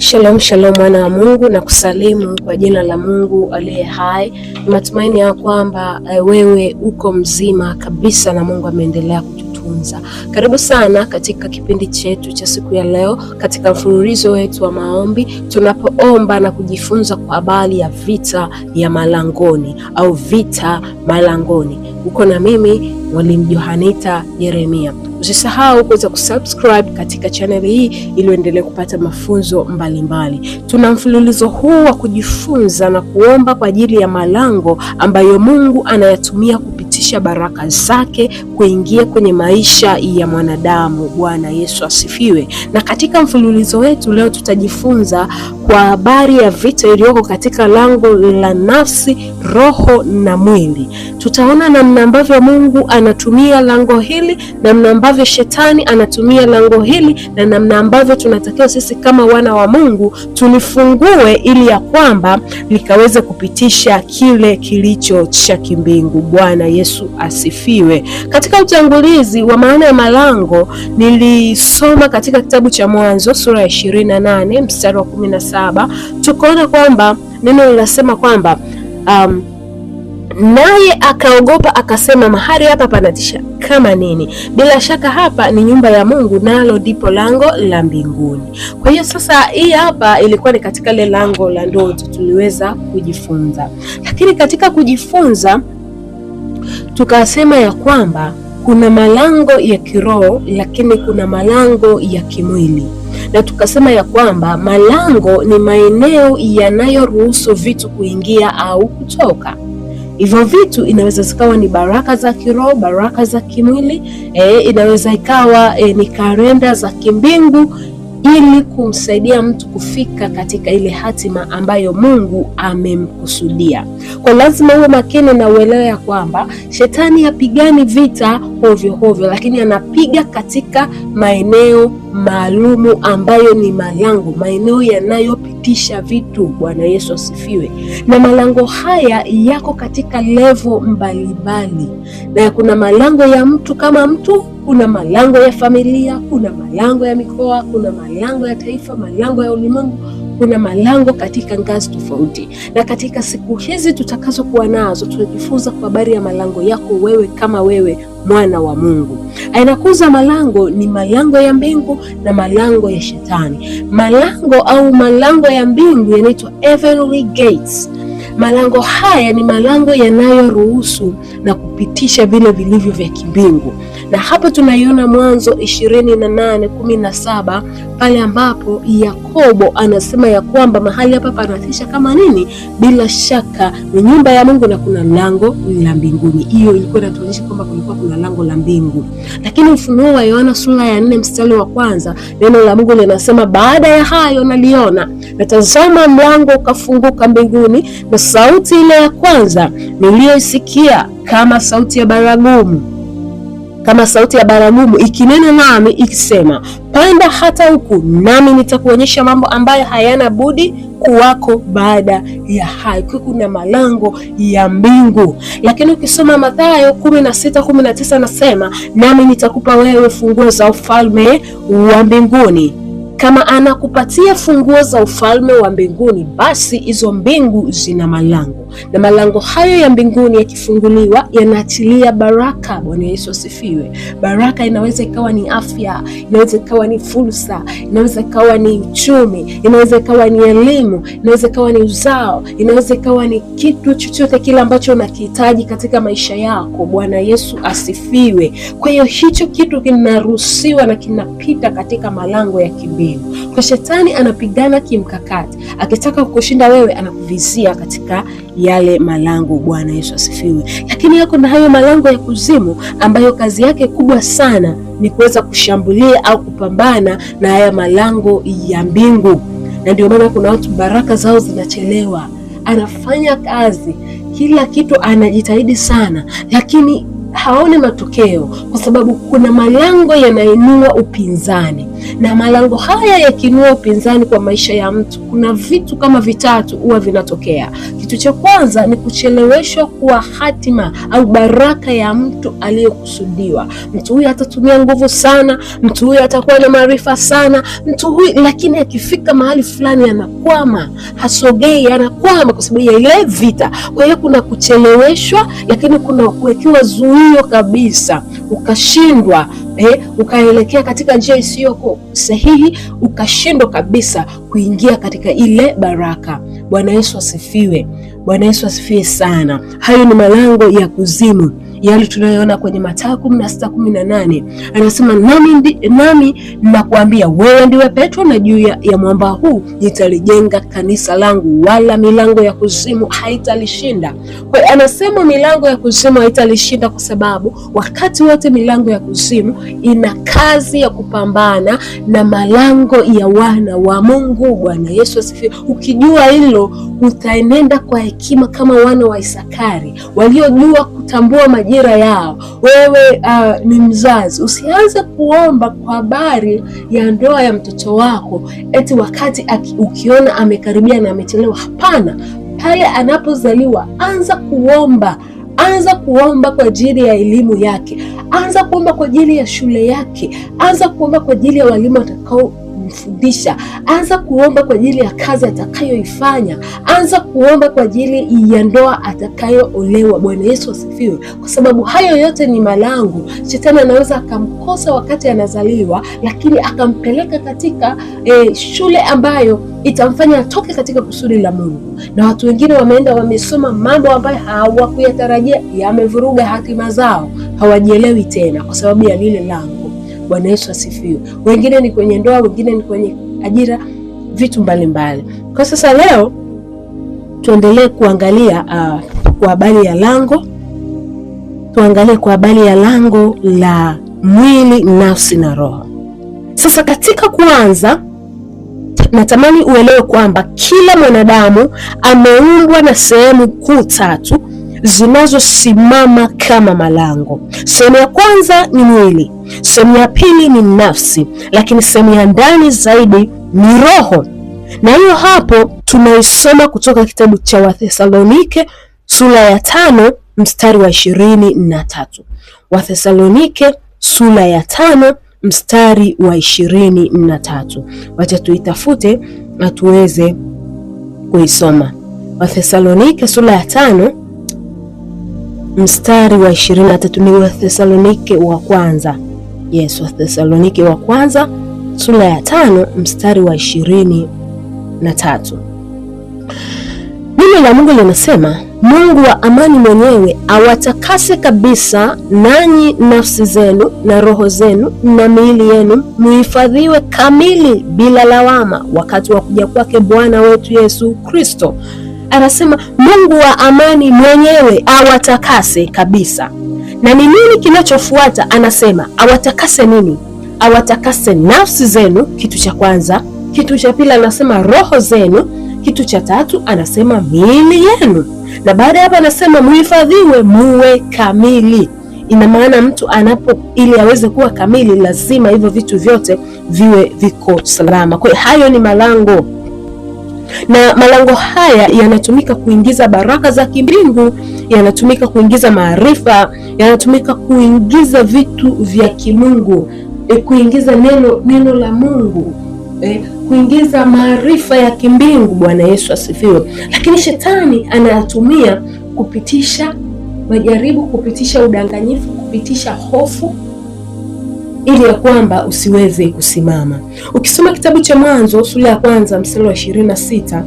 Shalom shalom, mwana wa Mungu, na kusalimu kwa jina la Mungu aliye hai. Ni matumaini ya kwamba eh, wewe uko mzima kabisa na Mungu ameendelea kututunza. Karibu sana katika kipindi chetu cha siku ya leo, katika mfululizo wetu wa maombi tunapoomba na kujifunza kwa habari ya vita ya malangoni au vita malangoni. Uko na mimi Mwalimu johanita yeremia Usisahau kuweza kusubscribe katika chaneli hii ili uendelee kupata mafunzo mbalimbali Tuna mfululizo huu wa kujifunza na kuomba kwa ajili ya malango ambayo Mungu anayatumia kupitisha baraka zake kuingia kwenye maisha ya mwanadamu. Bwana Yesu asifiwe. Na katika mfululizo wetu leo tutajifunza kwa habari ya vita iliyoko katika lango la nafsi, roho na mwili. Tutaona namna ambavyo Mungu anatumia lango hili, namna ambavyo shetani anatumia lango hili, na namna ambavyo tunatakiwa sisi kama wana wa Mungu tulifungue ili ya kwamba likaweze kupitisha kile kilicho cha kimbingu. Bwana Yesu asifiwe. Katika utangulizi wa maana ya malango nilisoma katika kitabu cha Mwanzo sura ya 28 mstari wa 17 saba tukaona kwamba neno linasema kwamba um, naye akaogopa akasema, mahali hapa panatisha kama nini! Bila shaka hapa ni nyumba ya Mungu, nalo ndipo lango la mbinguni. Kwa hiyo sasa, hii hapa ilikuwa ni katika ile lango la ndoto, tuliweza kujifunza. Lakini katika kujifunza tukasema ya kwamba kuna malango ya kiroho, lakini kuna malango ya kimwili, na tukasema ya kwamba malango ni maeneo yanayoruhusu vitu kuingia au kutoka. Hivyo vitu inaweza zikawa ni baraka za kiroho, baraka za kimwili, e, inaweza ikawa e, ni karenda za kimbingu ili kumsaidia mtu kufika katika ile hatima ambayo Mungu amemkusudia. Kwa lazima uwe makini na uelewe ya kwamba shetani hapigani vita hovyo hovyo, lakini anapiga katika maeneo maalumu ambayo ni malango, maeneo yanayo kupitisha vitu. Bwana Yesu asifiwe. Na malango haya yako katika levo mbalimbali, na kuna malango ya mtu kama mtu, kuna malango ya familia, kuna malango ya mikoa, kuna malango ya taifa, malango ya ulimwengu kuna malango katika ngazi tofauti, na katika siku hizi tutakazokuwa nazo tunajifunza kwa habari ya malango yako wewe kama wewe mwana wa Mungu. Aina kuu za malango ni malango ya mbingu na malango ya Shetani. Malango au malango ya mbingu yanaitwa heavenly gates. Malango haya ni malango yanayoruhusu na kupitisha vile vilivyo vya kimbingu na hapa tunaiona Mwanzo ishirini na nane kumi na saba pale ambapo Yakobo anasema ya kwamba mahali hapa panatisha kama nini? Bila shaka ni nyumba ya Mungu na kuna lango la mbinguni. Hiyo ilikuwa inatuonyesha kwamba kulikuwa kuna lango la mbingu. Lakini Ufunuo wa Yohana sura ya nne mstari wa kwanza neno la Mungu linasema, baada ya hayo naliona natazama mlango ukafunguka mbinguni, na sauti ile ya kwanza niliyoisikia kama sauti ya baragumu kama sauti ya baragumu ikinena nami ikisema, panda hata huku, nami nitakuonyesha mambo ambayo hayana budi kuwako baada ya hayo. Kuna malango ya mbingu. Lakini ukisoma Mathayo 16:19 nasema, nami nitakupa wewe funguo za ufalme wa mbinguni. Kama anakupatia funguo za ufalme wa mbinguni, basi hizo mbingu zina malango, na malango hayo ya mbinguni yakifunguliwa yanaachilia baraka. Bwana Yesu asifiwe. Baraka inaweza ikawa ni afya, inaweza ikawa ni fursa, inaweza ikawa ni uchumi, inaweza ikawa ni elimu, inaweza ikawa ni uzao, inaweza ikawa ni kitu chochote kile ambacho unakihitaji katika maisha yako. Bwana Yesu asifiwe. Kwa hiyo hicho kitu kinaruhusiwa na kinapita katika malango ya kimbingu mbinu. Kwa shetani anapigana kimkakati, akitaka kukushinda wewe, anakuvizia katika yale malango. Bwana Yesu asifiwe. Lakini yako na hayo malango ya kuzimu ambayo kazi yake kubwa sana ni kuweza kushambulia au kupambana na haya malango ya mbingu, na ndio maana kuna watu baraka zao zinachelewa. Anafanya kazi, kila kitu anajitahidi sana, lakini haone matokeo kwa sababu kuna malango yanainua upinzani na malango haya yakinua upinzani kwa maisha ya mtu, kuna vitu kama vitatu huwa vinatokea. Kitu cha kwanza ni kucheleweshwa kuwa hatima au baraka ya mtu aliyekusudiwa. Mtu huyu atatumia nguvu sana, mtu huyu atakuwa na maarifa sana, mtu huyu lakini akifika mahali fulani anakwama, hasogei, anakwama kwa sababu ya ile vita. Kwa hiyo kuna kucheleweshwa, lakini kuna kuwekewa zuio kabisa ukashindwa eh, ukaelekea katika njia isiyo sahihi, ukashindwa kabisa kuingia katika ile baraka. Bwana Yesu asifiwe. Bwana Yesu asifiwe sana. Hayo ni malango ya kuzimu yale tunayoona kwenye Mathayo kumi na sita kumi na nane anasema nami, nami nakuambia wewe ndiwe Petro, na juu ya, ya mwamba huu nitalijenga kanisa langu, wala milango ya kuzimu haitalishinda. Kwa anasema milango ya kuzimu haitalishinda, kwa sababu wakati wote milango ya kuzimu ina kazi ya kupambana na malango ya wana wa Mungu. Bwana Yesu asifiwe. Ukijua hilo utaenenda kwa hekima kama wana wa Isakari waliojua kutambua majira yao. Wewe uh, ni mzazi, usianze kuomba kwa habari ya ndoa ya mtoto wako eti wakati aki, ukiona amekaribia na amechelewa. Hapana, pale anapozaliwa anza kuomba anza kuomba kwa ajili ya elimu yake, anza kuomba kwa ajili ya shule yake, anza kuomba kwa ajili ya walimu watakao kumfundisha. Anza kuomba kwa ajili ya kazi atakayoifanya. Anza kuomba kwa ajili ya ndoa atakayoolewa. Bwana Yesu asifiwe, kwa sababu hayo yote ni malango. Shetani anaweza akamkosa wakati anazaliwa, lakini akampeleka katika eh, shule ambayo itamfanya atoke katika kusudi la Mungu. Na watu wengine wameenda wamesoma mambo ambayo hawakuyatarajia, yamevuruga hatima zao, hawajielewi tena kwa sababu ya lile lango. Bwana Yesu asifiwe. Wengine ni kwenye ndoa, wengine ni kwenye ajira, vitu mbalimbali mbali. Kwa sasa leo tuendelee kuangalia uh, kwa habari ya lango tuangalie kwa habari ya lango la mwili, nafsi na roho. Sasa katika kuanza, natamani uelewe kwamba kila mwanadamu ameumbwa na sehemu kuu tatu zinazosimama kama malango. Sehemu ya kwanza ni mwili, sehemu ya pili ni nafsi, lakini sehemu ya ndani zaidi ni roho, na hiyo hapo tunaisoma kutoka kitabu cha Wathesalonike sura ya tano mstari wa ishirini na tatu. Wathesalonike sura ya tano mstari wa ishirini na tatu. Wacha tuitafute na tuweze kuisoma. Wathesalonike sura ya tano mstari wa 23 ni wa Thesalonike wa kwanza. Yes, wa wa kwanza sura ya tano mstari wa ishirini na tatu. Neno la Mungu linasema, Mungu wa amani mwenyewe awatakase kabisa, nanyi nafsi zenu na roho zenu na miili yenu muhifadhiwe kamili bila lawama, wakati wa kuja kwake Bwana wetu Yesu Kristo anasema Mungu wa amani mwenyewe awatakase kabisa. Na ni nini kinachofuata? Anasema awatakase nini? Awatakase nafsi zenu, kitu cha kwanza. Kitu cha pili anasema roho zenu. Kitu cha tatu anasema miili yenu, na baada ya hapo anasema muhifadhiwe muwe kamili. Ina maana mtu anapo, ili aweze kuwa kamili, lazima hivyo vitu vyote viwe viko salama. Kwa hiyo hayo ni malango na malango haya yanatumika kuingiza baraka za kimbingu, yanatumika kuingiza maarifa, yanatumika kuingiza vitu vya kimungu, e, kuingiza neno neno la Mungu e, kuingiza maarifa ya kimbingu. Bwana Yesu asifiwe. Lakini shetani anayatumia kupitisha majaribu, kupitisha udanganyifu, kupitisha hofu ili ya kwamba usiweze kusimama. Ukisoma kitabu cha Mwanzo sura ya kwanza mstari wa ishirini na sita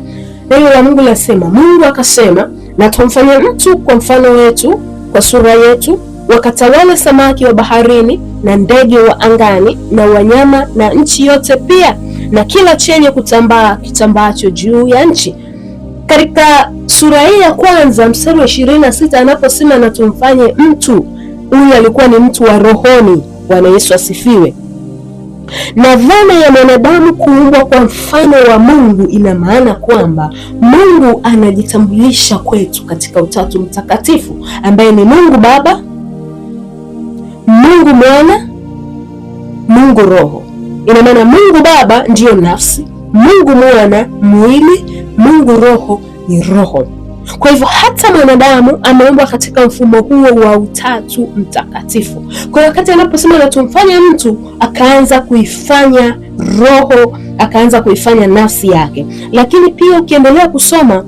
neno la Mungu linasema, Mungu akasema, na tumfanye mtu kwa mfano wetu, kwa sura yetu, wakatawale samaki wa baharini na ndege wa angani na wanyama na nchi yote pia na kila chenye kutambaa kitambaacho juu ya nchi. Katika sura hii ya kwanza mstari wa ishirini na sita anaposema na tumfanye mtu, huyu alikuwa ni mtu wa rohoni Bwana Yesu asifiwe. Na dhana ya mwanadamu kuumbwa kwa mfano wa Mungu ina maana kwamba Mungu anajitambulisha kwetu katika Utatu Mtakatifu ambaye ni Mungu Baba, Mungu Mwana, Mungu Roho. Ina maana Mungu Baba ndiyo nafsi, Mungu Mwana mwili, Mungu Roho ni roho. Kwa hivyo hata mwanadamu ameumbwa katika mfumo huo wa Utatu Mtakatifu. Kwa hiyo wakati anaposema na tumfanye mtu, akaanza kuifanya roho, akaanza kuifanya nafsi yake. Lakini pia ukiendelea kusoma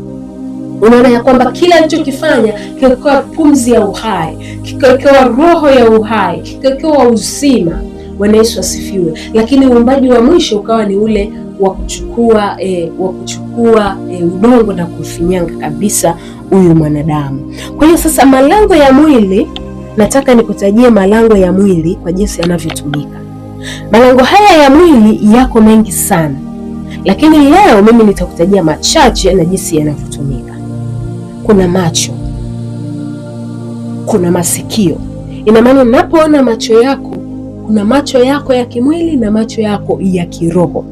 unaona ya kwamba kila alichokifanya kikawa pumzi ya uhai, kikawa roho ya uhai, kikawa uzima Bwana Yesu asifiwe. Lakini uumbaji wa mwisho ukawa ni ule wa kuchukua e, wa kuchukua e, udongo na kufinyanga kabisa huyu mwanadamu. Kwa hiyo sasa, malango ya mwili, nataka nikutajie malango ya mwili kwa jinsi yanavyotumika. Malango haya ya mwili yako mengi sana, lakini leo mimi nitakutajia machache na jinsi yanavyotumika. Kuna macho, kuna masikio. Ina maana unapoona macho yako kuna macho yako ya kimwili na macho yako ya kiroho,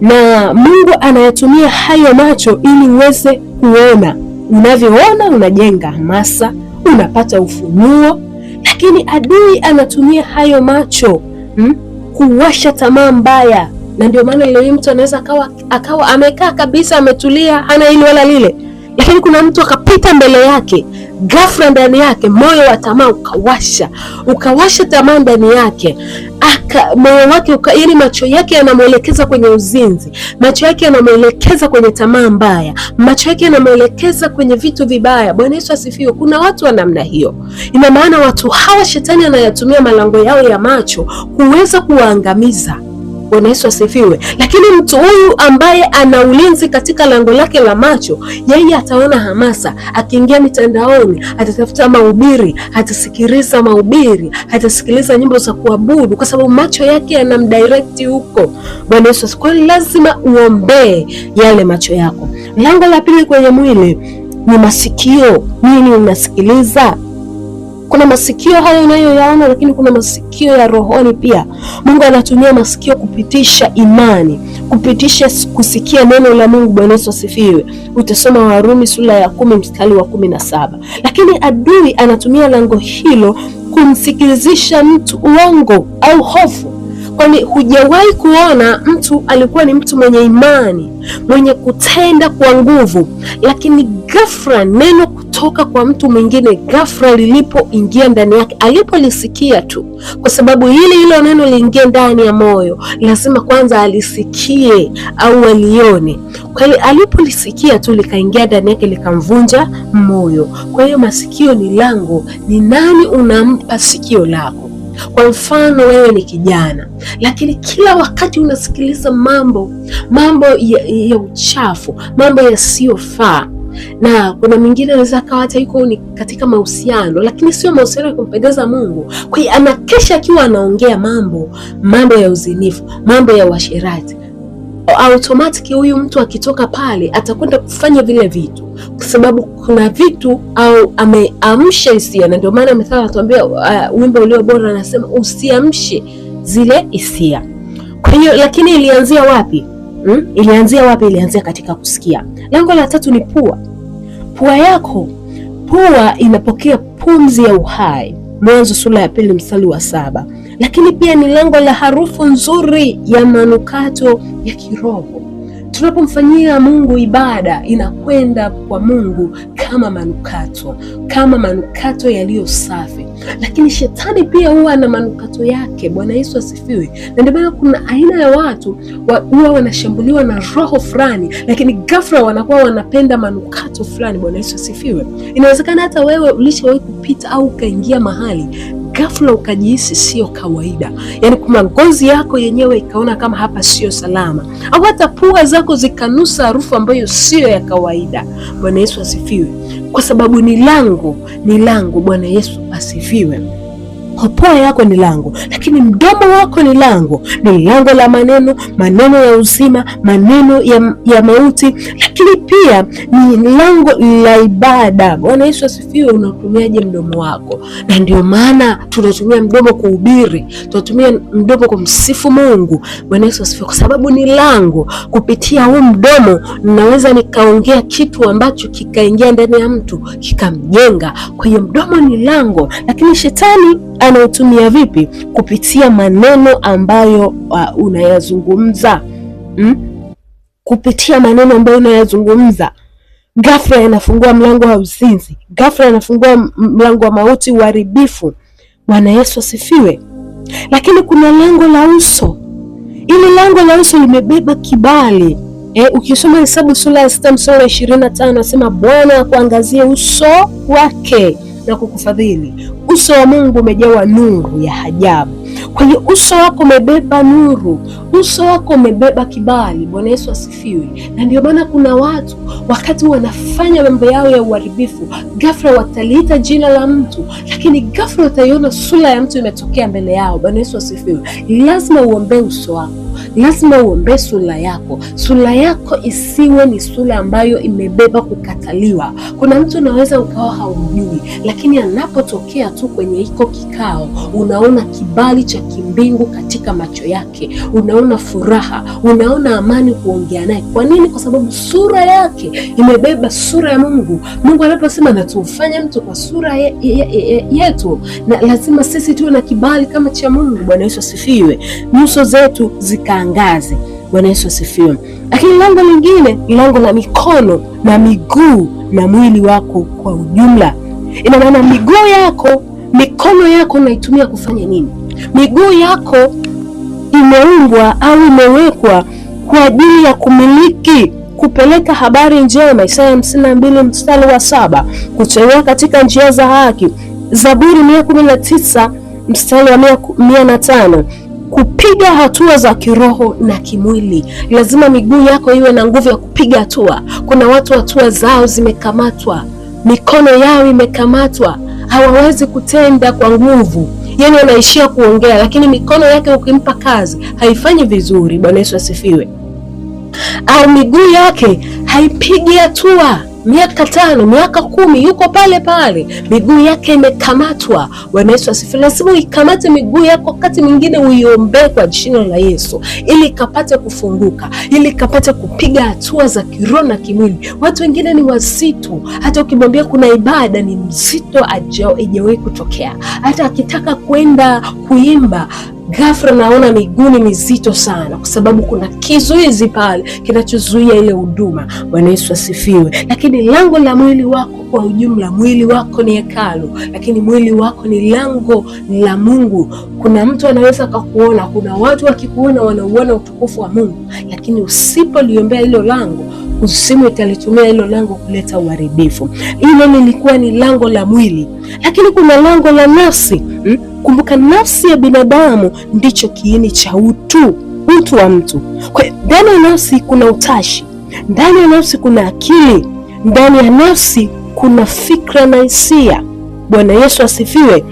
na Mungu anayatumia hayo macho ili uweze kuona. Unavyoona unajenga hamasa, unapata ufunuo, lakini adui anatumia hayo macho hmm, kuwasha tamaa mbaya, na ndio maana leo mtu anaweza akawa, akawa amekaa kabisa ametulia, hana hili wala lile lakini kuna mtu akapita mbele yake ghafla, ndani yake moyo wa tamaa ukawasha, ukawasha tamaa ndani yake aka moyo wake uka, yani macho yake yanamwelekeza kwenye uzinzi, macho yake yanamwelekeza kwenye tamaa mbaya, macho yake yanamwelekeza kwenye vitu vibaya. Bwana Yesu asifiwe. Kuna watu wa namna hiyo. Ina maana watu hawa shetani anayatumia malango yao ya macho kuweza kuwaangamiza. Bwana Yesu asifiwe. Lakini mtu huyu ambaye ana ulinzi katika lango lake la macho, yeye ataona hamasa, akiingia mitandaoni atatafuta mahubiri, atasikiliza mahubiri, atasikiliza nyimbo za kuabudu, kwa sababu macho yake yanamdirect huko. Bwana Yesu asifiwe. Lazima uombee yale macho yako. Lango la pili kwenye mwili ni masikio. Nini unasikiliza? Kuna masikio hayo unayoyaona, lakini kuna masikio ya rohoni pia. Mungu anatumia masikio kupitisha imani, kupitisha kusikia neno la Mungu. Bwana Yesu asifiwe. Utasoma Warumi sura ya kumi mstari wa kumi na saba. Lakini adui anatumia lango hilo kumsikilizisha mtu uongo au hofu kwani hujawahi kuona mtu alikuwa ni mtu mwenye imani mwenye kutenda kwa nguvu, lakini ghafla neno kutoka kwa mtu mwingine ghafla lilipoingia ndani yake, alipolisikia tu, kwa sababu hili hilo neno liingie ndani ya moyo lazima kwanza alisikie au alione. Kwa hiyo alipolisikia tu likaingia ndani yake likamvunja moyo. Kwa hiyo masikio ni lango. Ni nani unampa sikio lako? Kwa mfano wewe ni kijana, lakini kila wakati unasikiliza mambo mambo ya, ya uchafu, mambo yasiyofaa na kuna mingine anaweza akawa hata yuko ni katika mahusiano lakini sio mahusiano ya kumpendeza Mungu. Kwa hiyo anakesha akiwa anaongea mambo mambo ya uzinifu, mambo ya uasherati automatic huyu mtu akitoka pale atakwenda kufanya vile vitu, kwa sababu kuna vitu au ameamsha hisia, na ndio maana methali anatuambia uh, wimbo ulio bora anasema usiamshe zile hisia. Kwa hiyo lakini ilianzia wapi? Hmm? Ilianzia wapi? Ilianzia katika kusikia. Lango la tatu ni pua. Pua yako, pua inapokea pumzi ya uhai, Mwanzo sura ya pili mstari wa saba. Lakini pia ni lango la harufu nzuri ya manukato ya kiroho. Tunapomfanyia Mungu ibada inakwenda kwa Mungu kama manukato, kama manukato yaliyo safi, lakini shetani pia huwa na manukato yake. Bwana Yesu asifiwe. Na ndio maana kuna aina ya watu huwa wanashambuliwa na roho fulani, lakini ghafla wanakuwa wanapenda manukato fulani. Bwana Yesu asifiwe. Inawezekana hata wewe ulishawahi kupita au ukaingia mahali ghafla ukajihisi sio kawaida, yaani kama ngozi yako yenyewe ikaona kama hapa sio salama, au hata pua zako zikanusa harufu ambayo siyo ya kawaida. Bwana Yesu asifiwe, kwa sababu ni lango, ni lango. Bwana Yesu asifiwe. Mapua yako ni lango, lakini mdomo wako ni lango, ni lango la maneno, maneno ya uzima, maneno ya, ya mauti, lakini pia ni lango la ibada. Bwana Yesu asifiwe. Unatumiaje mdomo wako? Na ndio maana tunatumia mdomo kuhubiri, tunatumia mdomo kumsifu Mungu. Bwana Yesu asifiwe, kwa sababu ni lango. Kupitia huu mdomo ninaweza nikaongea kitu ambacho kikaingia ndani ya mtu kikamjenga. Kwa hiyo mdomo ni lango, lakini shetani anautumia vipi? Kupitia maneno ambayo uh, unayazungumza mm? Kupitia maneno ambayo unayazungumza ghafla yanafungua mlango wa uzinzi, ghafla yanafungua mlango wa mauti, uharibifu. Bwana Yesu asifiwe. Lakini kuna lango la uso. ili lango la uso limebeba kibali e, Ukisoma Hesabu sura ya sita mstari wa ishirini na tano nasema Bwana akuangazie uso wake na kukufadhili, Uso wa Mungu umejawa nuru ya ajabu. Kwenye uso wako umebeba nuru, uso wako umebeba kibali. Bwana Yesu asifiwe. Na ndio maana kuna watu wakati wanafanya mambo yao ya uharibifu, ghafla wataliita jina la mtu, lakini ghafla utaiona sura ya mtu imetokea mbele yao. Bwana Yesu asifiwe. Lazima uombee uso wako, lazima uombee sura yako. Sura yako isiwe ni sura ambayo imebeba kukataliwa. Kuna mtu unaweza ukawa haumjui, lakini anapotokea tu kwenye iko kikao, unaona kibali cha kimbingu katika macho yake, unaona unaona furaha, unaona amani kuongea naye. Kwa nini? Kwa sababu sura yake imebeba sura ya Mungu. Mungu anaposema natumfanya mtu kwa sura ye, ye, ye, yetu, na lazima sisi tuwe na kibali kama cha Mungu. Bwana Yesu asifiwe, nyuso zetu zikaangaze. Bwana Yesu asifiwe. Lakini lango lingine ni lango la mikono na miguu na mwili wako kwa ujumla. Ina maana miguu yako, mikono yako unaitumia kufanya nini? Miguu yako imeungwa au imewekwa kwa ajili ya kumiliki kupeleka habari njema, Isaya 52 mstari wa saba, kutembea katika njia za haki, Zaburi 119 mstari wa 105, kupiga hatua za kiroho na kimwili. Lazima miguu yako iwe na nguvu ya kupiga hatua. Kuna watu hatua zao zimekamatwa, mikono yao imekamatwa, hawawezi kutenda kwa nguvu yani wanaishia kuongea, lakini mikono yake ukimpa kazi haifanyi vizuri. Bwana Yesu asifiwe. Au miguu yake haipigi hatua miaka tano, miaka kumi, yuko pale pale, miguu yake imekamatwa. Bwana Yesu asifiwe. Lazima uikamate miguu yako, wakati mwingine uiombee kwa jina la Yesu ili ikapate kufunguka, ili ikapate kupiga hatua za kiroho na kimwili. Watu wengine ni wazito, hata ukimwambia kuna ibada ni mzito, ijawahi kutokea, hata akitaka kwenda kuimba ghafla naona miguu ni mizito sana, kwa sababu kuna kizuizi pale kinachozuia ile huduma. Bwana Yesu asifiwe. Lakini lango la mwili wako kwa ujumla, mwili wako ni hekalu, lakini mwili wako ni lango la Mungu. Kuna mtu anaweza akakuona, kuna watu wakikuona wanauona utukufu wa Mungu, lakini usipoliombea hilo lango kuzimu italitumia hilo lango kuleta uharibifu. Hilo lilikuwa ni lango la mwili, lakini kuna lango la nafsi. Hmm? Kumbuka, nafsi ya binadamu ndicho kiini cha utu, utu wa mtu. Kwa ndani ya nafsi kuna utashi, ndani ya nafsi kuna akili, ndani ya nafsi kuna fikra na hisia. Bwana Yesu asifiwe.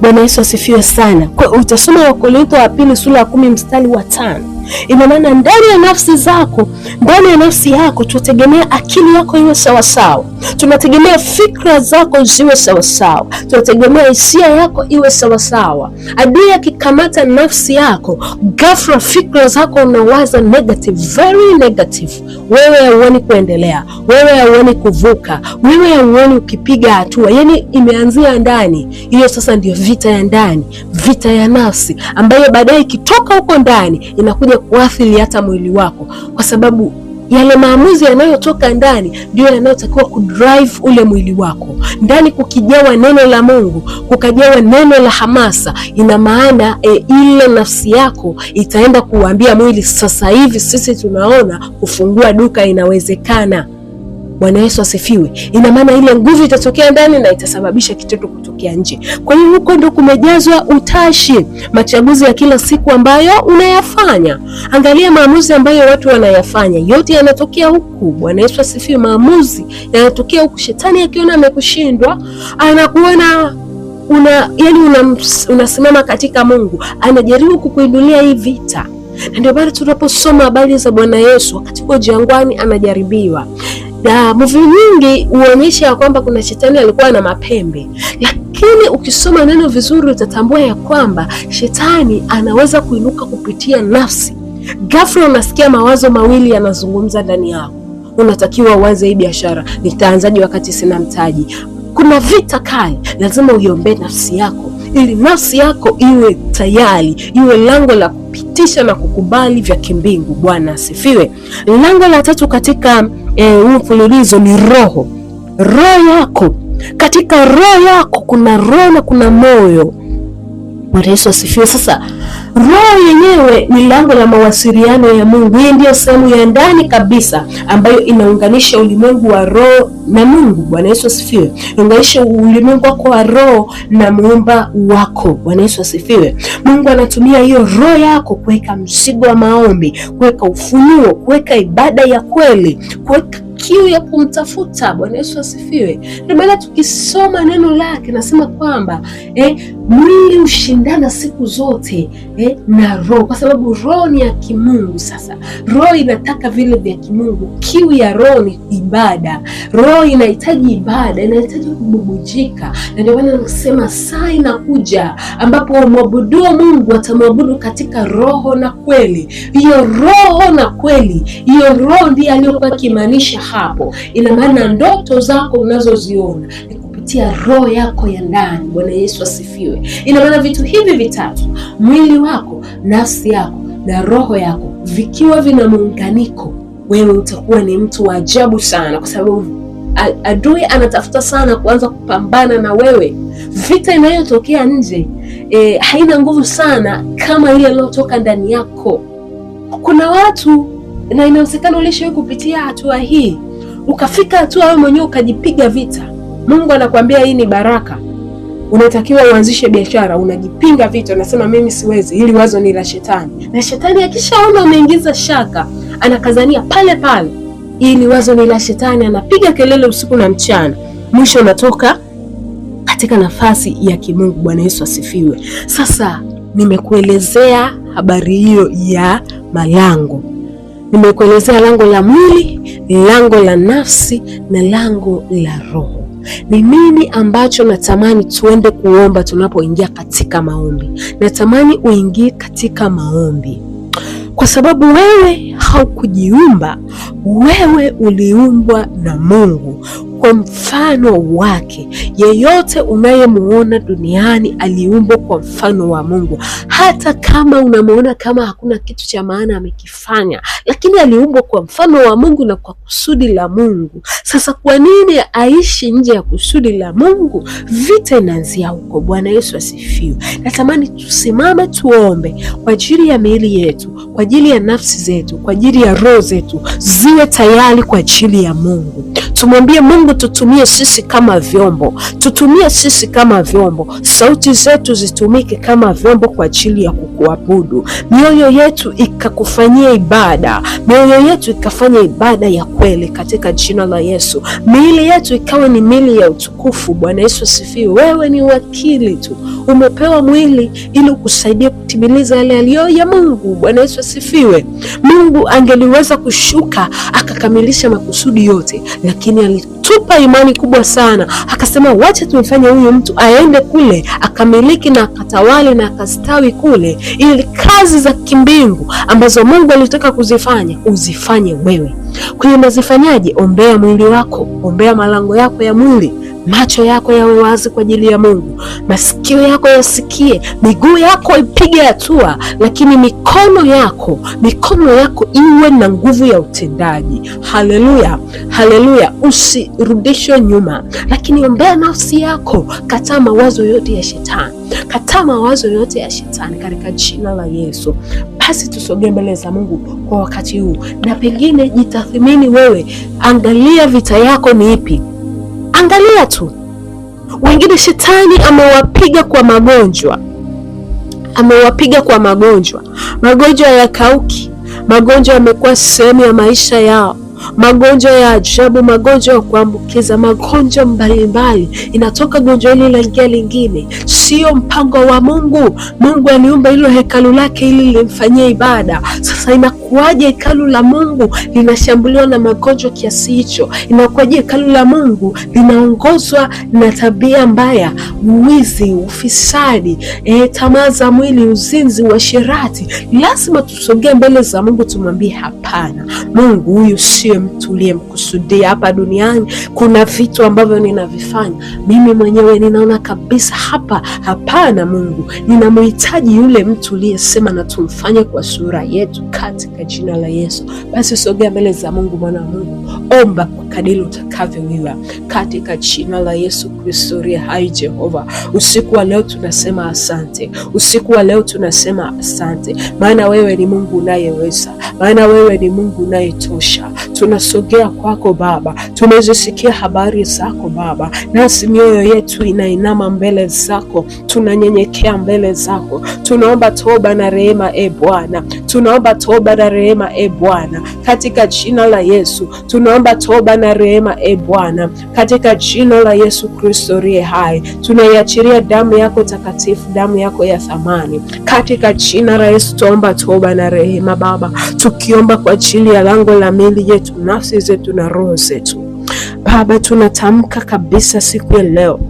Bwana Yesu asifiwe sana. Kwa utasoma Wakorintho wa pili sura ya kumi mstari wa tano Ina maana ndani ya nafsi zako, ndani ya nafsi yako tunategemea akili yako iwe sawasawa, tunategemea fikra zako ziwe sawasawa, tunategemea hisia yako iwe sawasawa. Adui akikamata nafsi yako ghafla, fikra zako unawaza negative, very negative. Wewe hauoni kuendelea, wewe hauoni kuvuka, wewe hauoni ukipiga hatua. Yani imeanzia ndani, hiyo sasa ndio vita ya ndani, vita ya nafsi ambayo baadaye ikitoka huko ndani inakuja kuja kuathiri hata mwili wako, kwa sababu yale maamuzi yanayotoka ndani ndiyo yanayotakiwa kudrive ule mwili wako. Ndani kukijawa neno la Mungu, kukajawa neno la hamasa, ina maana e, ile nafsi yako itaenda kuambia mwili, sasa hivi sisi tunaona kufungua duka inawezekana. Bwana Yesu asifiwe. Ina maana ile nguvu itatokea ndani na itasababisha kitendo kutokea nje. Kwa hiyo huko ndo kumejazwa utashi, machaguzi ya kila siku ambayo unayafanya. Angalia maamuzi ambayo watu wanayafanya, yote yanatokea huku. Bwana Yesu asifiwe. Maamuzi yanatokea huku. Shetani akiona amekushindwa, anakuona una yani unasimama una katika Mungu, anajaribu kukuinulia hii vita, na ndio bado tunaposoma habari za Bwana Yesu wakati uko jangwani anajaribiwa na muvi nyingi huonyesha ya kwamba kuna shetani alikuwa na mapembe, lakini ukisoma neno vizuri utatambua ya kwamba shetani anaweza kuinuka kupitia nafsi. Ghafla unasikia mawazo mawili yanazungumza ndani yako, unatakiwa uanze hii biashara, nitaanzaje wakati sina mtaji? Kuna vita kali, lazima uiombee nafsi yako ili nafsi yako iwe tayari, iwe lango la kupitisha na kukubali vya kimbingu. Bwana asifiwe. Lango la tatu katika eh, huu e, mfululizo ni roho, roho yako. Katika roho yako kuna roho na kuna moyo. Bwana Yesu asifiwe. Sasa Roho yenyewe ni lango la mawasiliano ya Mungu. Hii ndiyo sehemu ya ndani kabisa ambayo inaunganisha ulimwengu wa roho na Mungu. Bwana Yesu asifiwe. Unganisha ulimwengu wako wa roho na muumba wako. Bwana Yesu asifiwe. Mungu anatumia hiyo roho yako kuweka mzigo wa maombi, kuweka ufunuo, kuweka ibada ya kweli, kuweka kiu ya kumtafuta. Bwana Yesu asifiwe. Ndio maana tukisoma neno lake nasema kwamba eh, mwili ushindana siku zote eh, na roho, kwa sababu roho ni ya kimungu. Sasa roho inataka vile vya kimungu. Kiu ya roho ni ibada. Roho inahitaji ibada, inahitaji kububujika, na ndio maana nasema saa inakuja ambapo wamwabuduo Mungu watamwabudu katika roho na kweli. Hiyo roho na kweli, hiyo roho ndiye aliyokuwa akimaanisha hapo. Ina maana ndoto zako unazoziona kupitia roho yako ya ndani. Bwana Yesu asifiwe. Ina maana vitu hivi vitatu, mwili wako, nafsi yako na roho yako, vikiwa vina muunganiko, wewe utakuwa ni mtu wa ajabu sana, kwa sababu adui anatafuta sana kuanza kupambana na wewe. Vita inayotokea nje e, haina nguvu sana kama ile iliyotoka ndani yako. Kuna watu na inawezekana ulishawahi kupitia hatua hii, ukafika hatua wewe mwenyewe ukajipiga vita Mungu anakuambia hii ni baraka, unatakiwa uanzishe biashara, unajipinga vitu, unasema mimi siwezi, hili wazo ni la shetani. Na shetani akishaona umeingiza shaka, anakazania pale pale, hili wazo ni la shetani, anapiga kelele usiku na mchana, mwisho unatoka katika nafasi ya kimungu. Bwana Yesu asifiwe. Sasa nimekuelezea habari hiyo ya malango, nimekuelezea lango la mwili, lango la nafsi na lango la roho. Ni nini ambacho natamani tuende kuomba tunapoingia katika maombi? Natamani uingie katika maombi kwa sababu wewe haukujiumba, wewe uliumbwa na Mungu kwa mfano wake. Yeyote unayemuona duniani aliumbwa kwa mfano wa Mungu. Hata kama unamuona kama hakuna kitu cha maana amekifanya, lakini aliumbwa kwa mfano wa Mungu na kwa kusudi la Mungu. Sasa kwa nini aishi nje ya kusudi la Mungu? Vita inaanzia huko. Bwana Yesu asifiwe. Natamani tusimame tuombe kwa ajili ya miili yetu, kwa ajili ya nafsi zetu, kwa ajili ya roho zetu, ziwe tayari kwa ajili ya Mungu. Tumwambie Mungu Mungu, tutumie sisi kama vyombo, tutumie sisi kama vyombo, sauti zetu zitumike kama vyombo kwa ajili ya kukuabudu, mioyo yetu ikakufanyia ibada, mioyo yetu ikafanya ibada ya kweli katika jina la Yesu, miili yetu ikawa ni miili ya utukufu. Bwana Yesu asifiwe. Wewe ni wakili tu, umepewa mwili ili ukusaidia kutimiliza yale yaliyo ya Mungu. Bwana Yesu asifiwe. Mungu angeliweza kushuka akakamilisha makusudi yote, lakini alitu akampa imani kubwa sana, akasema wacha tumfanye huyu mtu aende kule akamiliki na akatawale na akastawi kule, ili kazi za kimbingu ambazo Mungu alitaka kuzifanya uzifanye wewe. Kwa hiyo unazifanyaje? Ombea mwili wako, ombea malango yako ya mwili, macho yako yawe wazi kwa ajili ya Mungu, masikio yako yasikie, miguu yako ipige hatua, lakini mikono yako, mikono yako iwe na nguvu ya utendaji. Haleluya, haleluya! Usirudishwe nyuma, lakini ombea nafsi yako, kataa mawazo yote ya shetani. Kataa mawazo yote ya shetani katika jina la Yesu. Basi tusogee mbele za Mungu kwa wakati huu, na pengine jitathimini wewe, angalia vita yako ni ipi. Angalia tu, wengine shetani amewapiga kwa magonjwa, amewapiga kwa magonjwa, magonjwa ya kauki, magonjwa yamekuwa sehemu ya maisha yao magonjwa ya ajabu, magonjwa ya kuambukiza, magonjwa mbalimbali, inatoka gonjwa hili la ingia lingine. Sio mpango wa Mungu. Mungu aliumba hilo hekalu lake ili limfanyie ibada. Sasa inakuwaje hekalu la Mungu linashambuliwa na magonjwa kiasi hicho? Inakuwaje hekalu la Mungu linaongozwa na tabia mbaya, uwizi, ufisadi, e, tamaa za mwili, uzinzi, uasherati? Lazima tusogee mbele za Mungu tumwambie hapana, Mungu huyu sio ndiye mtu uliyemkusudia hapa duniani. Kuna vitu ambavyo ninavifanya mimi mwenyewe, ninaona kabisa hapa, hapana, Mungu, ninamhitaji yule mtu uliyesema na tumfanye kwa sura yetu, katika jina la Yesu. Basi sogea mbele za Mungu, mwana wa Mungu, omba kwa kadiri utakavyowiwa, katika jina la Yesu Kristo rie hai. Jehova, usiku wa leo tunasema asante, usiku wa leo tunasema asante, maana wewe ni Mungu unayeweza, maana wewe ni Mungu unayetosha, tunasogea kwako Baba, tumezisikia habari zako Baba, nasi mioyo yetu inainama mbele zako, tunanyenyekea mbele zako, tunaomba toba na rehema e Bwana, tunaomba toba na rehema e Bwana, katika jina la Yesu tunaomba toba na rehema e Bwana, katika jina la Yesu Kristo rie hai, tunaiachiria damu yako takatifu, damu yako ya thamani, katika jina la Yesu tuomba toba na rehema Baba, tukiomba kwa ajili ya lango la mili yetu, nafsi zetu na roho zetu. Baba, tunatamka kabisa siku ya leo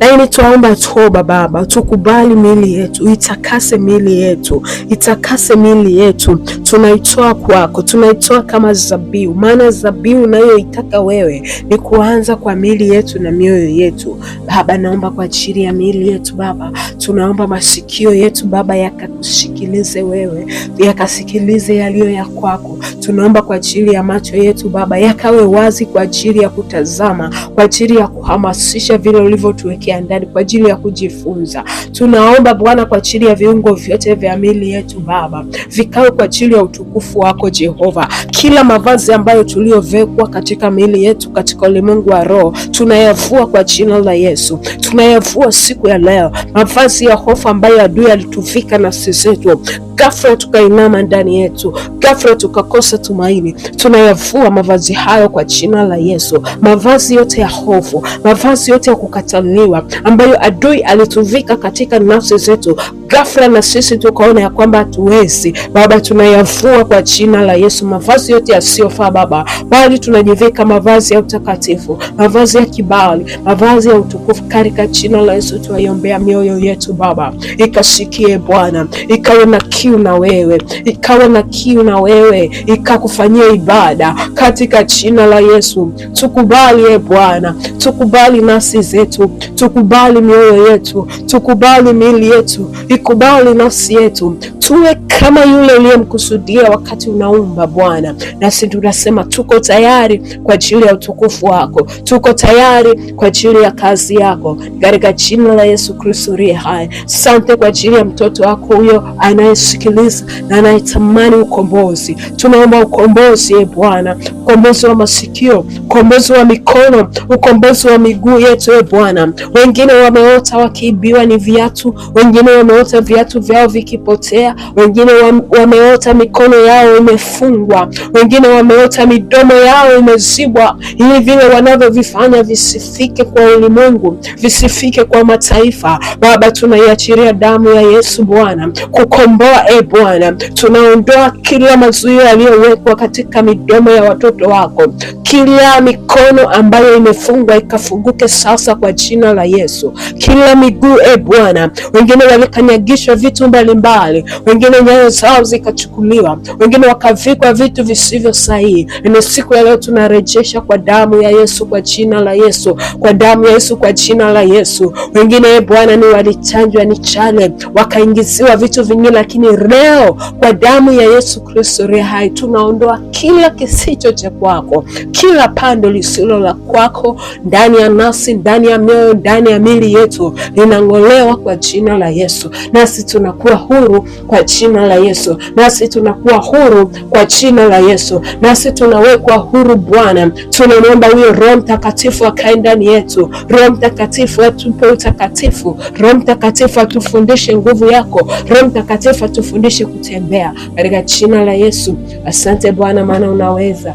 lakini twaomba toba Baba, tukubali miili yetu, itakase miili yetu, itakase miili yetu. Tunaitoa kwako, tunaitoa kama zabiu, maana zabiu unayoitaka wewe ni kuanza kwa miili yetu na mioyo yetu. Baba, naomba kwa ajili ya miili yetu Baba, tunaomba masikio yetu Baba yakakusikilize wewe, yakasikilize yaliyo ya kwako. Tunaomba kwa ajili ya macho yetu Baba, yakawe wazi kwa ajili ya kutazama, kwa ajili ya kuhamasisha vile ulivyo umetuwekea ndani kwa ajili ya kujifunza. Tunaomba Bwana kwa ajili ya viungo vyote vya miili yetu Baba, vikawe kwa ajili ya utukufu wako Jehova. Kila mavazi ambayo tuliyovekwa katika miili yetu katika ulimwengu wa roho tunayavua kwa jina la Yesu, tunayavua siku ya leo, mavazi ya hofu ambayo adui alituvika nafsi zetu ghafla tukainama ndani yetu, ghafla tukakosa tumaini. Tunayavua mavazi hayo kwa jina la Yesu, mavazi yote ya hofu, mavazi yote ya kukataliwa ambayo adui alituvika katika nafsi zetu ghafla na sisi tukaona ya kwamba hatuwezi. Baba, tunayavua kwa jina la Yesu mavazi yote yasiyofaa Baba, bali tunajivika mavazi ya utakatifu, mavazi ya kibali, mavazi ya utukufu. Katika jina la Yesu tuwaiombea mioyo yetu Baba, ikasikie Bwana, ikawe na kiu na wewe, ikawa na kiu na wewe, ikakufanyia ibada katika jina la Yesu. Tukubali e Bwana, tukubali nafsi zetu, tukubali mioyo yetu, tukubali miili yetu, ikubali nafsi yetu, tuwe kama yule uliyemkusudia wakati unaumba Bwana, nasi tunasema tuko tayari kwa ajili ya utukufu wako, tuko tayari kwa ajili ya kazi yako, katika jina la Yesu Kristo uliye hai. Sante kwa ajili ya mtoto wako huyo anaye anatusikiliza na anayetamani ukombozi. Tunaomba ukombozi, e Bwana, ukombozi wa masikio, ukombozi wa mikono, ukombozi wa miguu yetu, e Bwana. Wengine wameota wakiibiwa ni viatu, wengine wameota viatu vyao vikipotea, wengine wameota mikono yao imefungwa, wengine wameota midomo yao imezibwa, ili vile wanavyovifanya visifike kwa ulimwengu, visifike kwa mataifa. Baba, tunaiachiria damu ya Yesu Bwana kukomboa e Bwana, tunaondoa kila mazuio yaliyowekwa katika midomo ya watoto wako, kila mikono ambayo imefungwa ikafunguke sasa kwa jina la Yesu, kila miguu e Bwana. Wengine walikanyagishwa vitu mbalimbali, wengine nyayo zao zikachukuliwa, wengine wakavikwa vitu visivyo sahihi. Na siku ya leo tunarejesha kwa damu ya Yesu, kwa jina la Yesu, kwa damu ya Yesu, kwa jina la Yesu. Wengine e Bwana ni walichanjwa, ni chale, wakaingiziwa vitu vingine lakini leo kwa damu ya Yesu Kristo ria hai tunaondoa kila kisicho cha kwako, kila pando lisilo la kwako ndani ya nafsi, ndani ya mioyo, ndani ya mili yetu linang'olewa kwa jina la Yesu, nasi tunakuwa huru kwa jina la Yesu, nasi tunakuwa huru kwa jina la Yesu, nasi tunawekwa huru Bwana. Tunamwomba huyo Roho Mtakatifu akae ndani yetu. Roho Mtakatifu atupe utakatifu. Roho Mtakatifu atufundishe nguvu yako. Roho Mtakatifu tufundishe kutembea katika jina la Yesu. Asante Bwana, maana unaweza.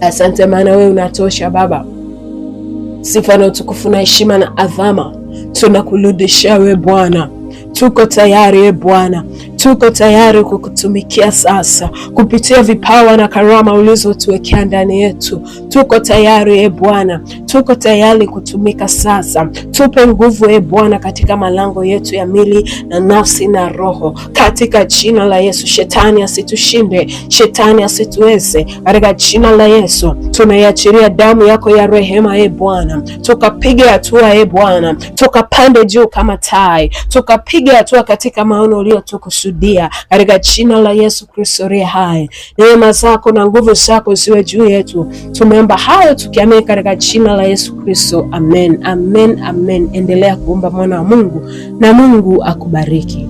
Asante maana wewe unatosha Baba. Sifa na utukufu na heshima na adhama tunakurudishia wewe Bwana. Tuko tayari, e Bwana, tuko tayari kukutumikia sasa kupitia vipawa na karama ulizotuwekea ndani yetu. Tuko tayari e Bwana, tuko tayari kutumika sasa. Tupe nguvu e Bwana, katika malango yetu ya mili na nafsi na roho, katika jina la Yesu. Shetani asitushinde, shetani asituweze, katika jina la Yesu. Tunaiachiria damu yako ya rehema e Bwana, tukapiga hatua e Bwana, tukapande juu kama tai, tukapiga hatua katika maono uliotukusudia kushuhudia katika jina la Yesu Kristo aliye hai. Neema zako na nguvu zako ziwe juu yetu. Tumeomba hayo tukiamini katika jina la Yesu Kristo, amen, amen, amen. Endelea kuomba mwana wa Mungu na Mungu akubariki.